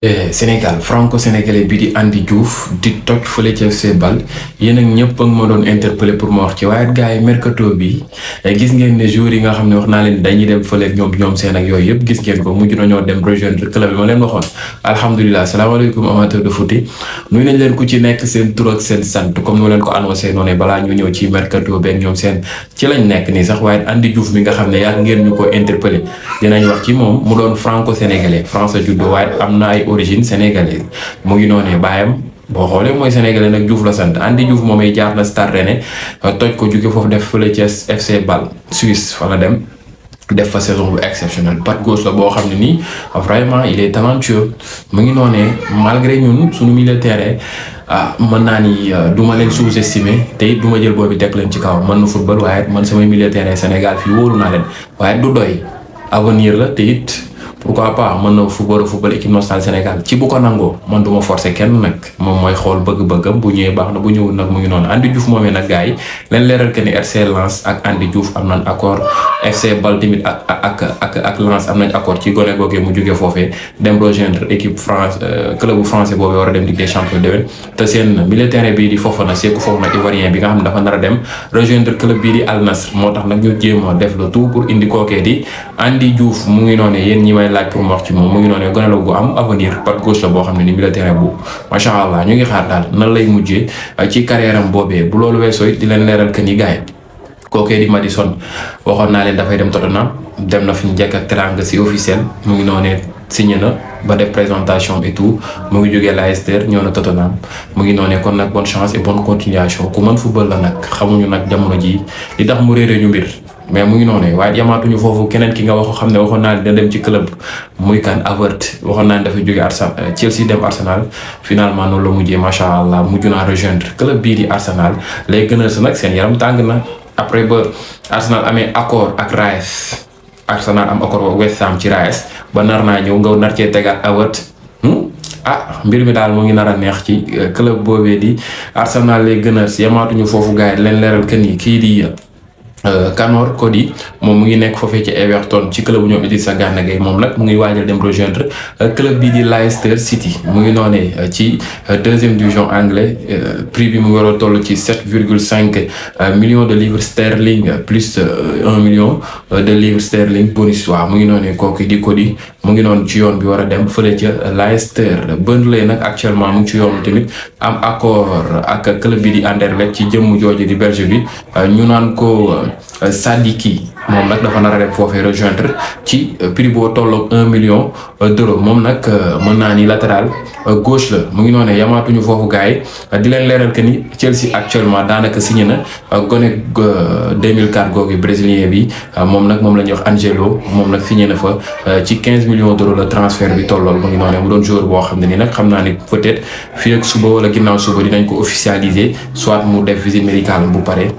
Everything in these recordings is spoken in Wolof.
Eh, Sénégal franco-sénégalais bi di indi juuf di toj fële ca FC Bâle yéen ak ñëpp ak ma doon interpellé pour ma wax ci waaye gars yi mercato bi eh, gis ngeen ne joueurs yi nga xam ne wax naa leen dañuy dem fële ñoom ñoom seen ak yooyu yëpp gis ngeen ko mujj nañoo dem rejoindre club yi ma leen waxoon. alhamdulilah salaamaaleykum amateur de foot nuyu nañ leen ku ci nekk seen tur ak seen sant comme ni leen ko annoncé noonu balaa ñu ñëw ci mercato beeg ñoom seen ci lañ nekk nii sax waaye Andy Diouf mi nga xam ne yaa ngeen ko interpellé dinañ wax ci moom mu doon franco-sénégalais français juddoo am na origine sénégalaise mu ngi noonee baayam boo xoolee mooy sénégalais nag Diouf la sant Andy Diouf moomay jaar na Stade Rennais toj ko jóge foofu def fële ca FC Bâle Suisse fa dem def fa saison bu exceptionnelle pat gauche la boo xam ne nii vraiment il est talentueux mu ngi noonee malgré ñun suñu milieu terrain ah mën naa ni euh, du ma leen sous-estimer te it du ma jël boobu teg leen ci kaw mën na football waaye man samay milieu terrain Sénégal fii wóoru naa leen waaye du doy pourquoi pas mën na fu war a football équipe nationale Sénégal ci bu ko nangoo man du ma kenn nag moom mooy xool bëgg-bëggam bu ñëwee baax na bu ñëwul nag mu ngi noonu Andy juuf moomee nag gars yi leen leeral que ni RC Lens ak Andy Diouf am na accord FC Bal ak ak ak ak am nañ accord ci gone googee mu jógee foofee dem rejoindre équipe France euh, club français boobee war a dem Ligue des champions déwén te seen milieu bii di Fofana Sékou Fofana ivoirien nag ñu jéem def le tout pour indi kookee di Andy Diouf mu ngi noonee yéen ñi may laaj pour mu wax ci moom mu ngi noonee gone la gu am avenir par gauche la boo xam ne ni milieu terrain bu macha allah ñu ngi xaar daal nan lay mujjee euh, ci carrière am boobee bu loolu weesoo it di leen naa leen dafay dem Tottenham dem na fi njëkk ak teranga si officiel mu ngi noonee signé na ba def présentation et tout mu ngi jógee Leicester ñëw na Tottenham mu ngi noonee kon nag bonne chance et bonne continuation ku mën football la nag xamuñu nag jamono ji li tax mu réeré ñu mbir mais mu ngi noonee waaye yamaatuñu foofu keneen ki nga waxo xam ne waxoon naa da dem ci club muy kan Avert waxoon naa ne dafa jógee Arsenal Chelsea dem Arsenal finalement noonu la mujjee macha allah mujj naa rejoindre club bii di Arsenal lay gën a nag seen yaram tàng na après ba Arsenal amee accord ak Rice Arsenal am accord West Ham ci Rice ba nar naa ñëw nga nar cee tegaat awat hmm? ah mbir mi daal mu ngi nar a neex ci euh, club boobee di Arsenal les Gunners yamaatuñu foofu gars yi leen leeral que ni kii di. Euh, Kanor Cody moom mu ngi nekk foofee ci Everton ci club bu ñoom Idrissa mu ngi waajal dem rejoindre euh, club bi di Leicester City mu ngi noonee euh, ci deuxième division anglais prix bi mu war a toll ci sept virgule cinq millions de livres sterling plus un million de livres sterling bonus waaw mu ngi noonee kooku di Cody mu ngi noonu ci yoon bi war a dem fële ca Leicester Burnley nag actuellement mu ngi ci yoon tamit am accord ak club bi di Anderlecht ci jëmm jooju di berge bi ñu naan ko. Euh, Sadiki moom nag dafa nar a dem foofee rejoindre ci euh, prix boo tolloog un million euh, d'euros moom nag mën naa ni latéral gauche la mu ngi noonee yamaatuñu foofu gars yi di leen leeral que ni Chelsea actuellement daanaka signé na gone 2004 googu brésilien bi moom nag moom lañu ñuy wax Angelo moom nag signé na fa ci 15 millions d'euros la transfert bi tollool mu ngi doon joueur boo xam ne ni nag xam naa ni peut-être fii ak suba wala ginnaaw suba dinañ ko officialiser soit mu def visite médicale bu pare.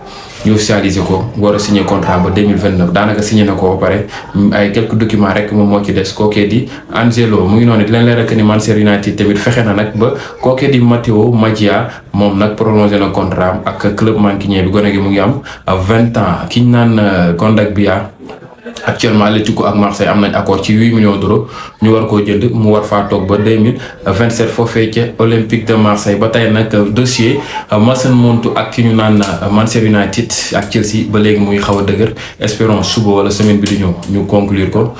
ñu officialisé ko war a signé contrat ba 2029 daanaka signé na ko ba pare mm, ay quelques documents rek moom moo ci des kookee di Angelo mu ngi noonu di leen leeral que ni Manchester United tamit fexe na nag ba kookee di Matteo Maggia moom nag prolongé na contrat am ak club mancunien bi gone gi mu ngi am vingt ans ki ñu naan Kondogbia euh, actuellement Atlético ak Marseille am nañ accord ci huit millions d'euros ñu war koo jënd mu war faa toog ba deux mille vingt sept foofee ca Olympique de Marseille ba tey nag dossier euh, Mason Mount ak ki ñu naan euh, Manchester United ak Chelsea ba léegi muy xaw a dëgër espérons suba wala semaine bi di ñëw ñu conclure ko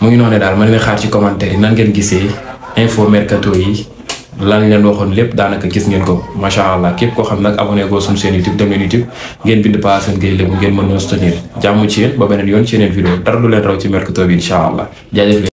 mu ngi noonee daal ma leen xaar ci commentaire yi nan ngeen gisee info mercato yi. lan leen waxoon lépp daanaka gis ngeen ko macha allah képp koo xam nag abonné goo suñu seen YouTube dem leen YouTube ngeen bind Pa Assane Gueye ngeen mën ñoo soutenir ci yéen ba beneen yoon ci yeneen vidéo dara du leen raw ci mercato bi incha allah